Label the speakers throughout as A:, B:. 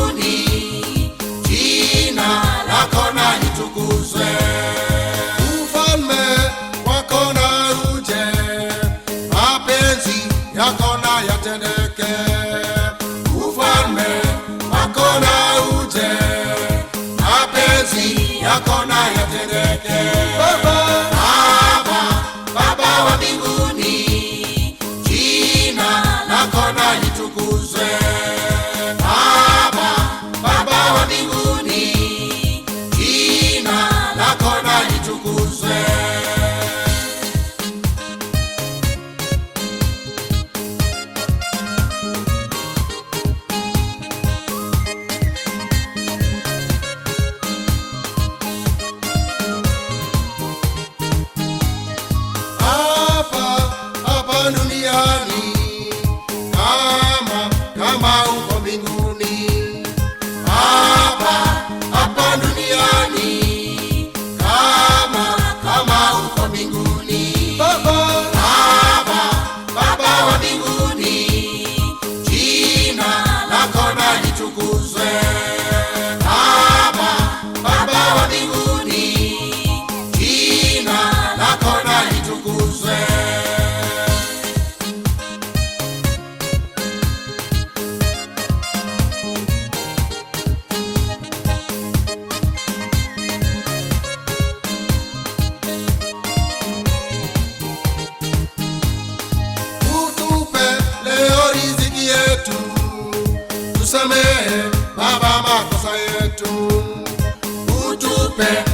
A: mbinguni, jina lako na litukuzwe,
B: ufalme wako na uje, mapenzi yako na yatendeke, ufalme wako na uje, mapenzi yako na yatendeke. Baba,
A: Baba, Baba wa mbinguni, jina lako na litukuzwe
B: On duniani Baba makosa yetu
A: utupe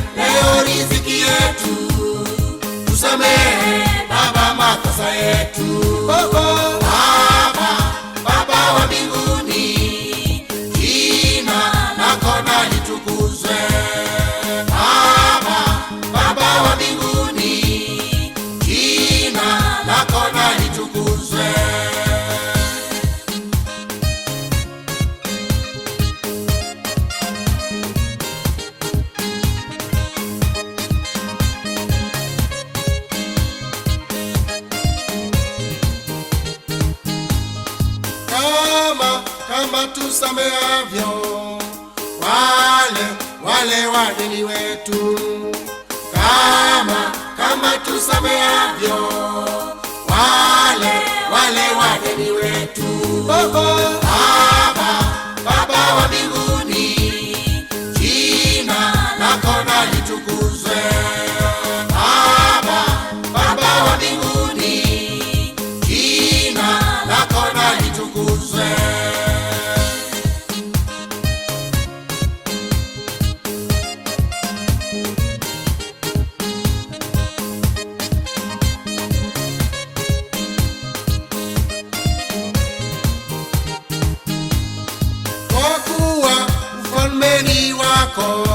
B: kwamba tusameavyo wale wale wadili wetu
A: kama kama tusameavyo wale wale wadili wetu oh, oh.
B: cold.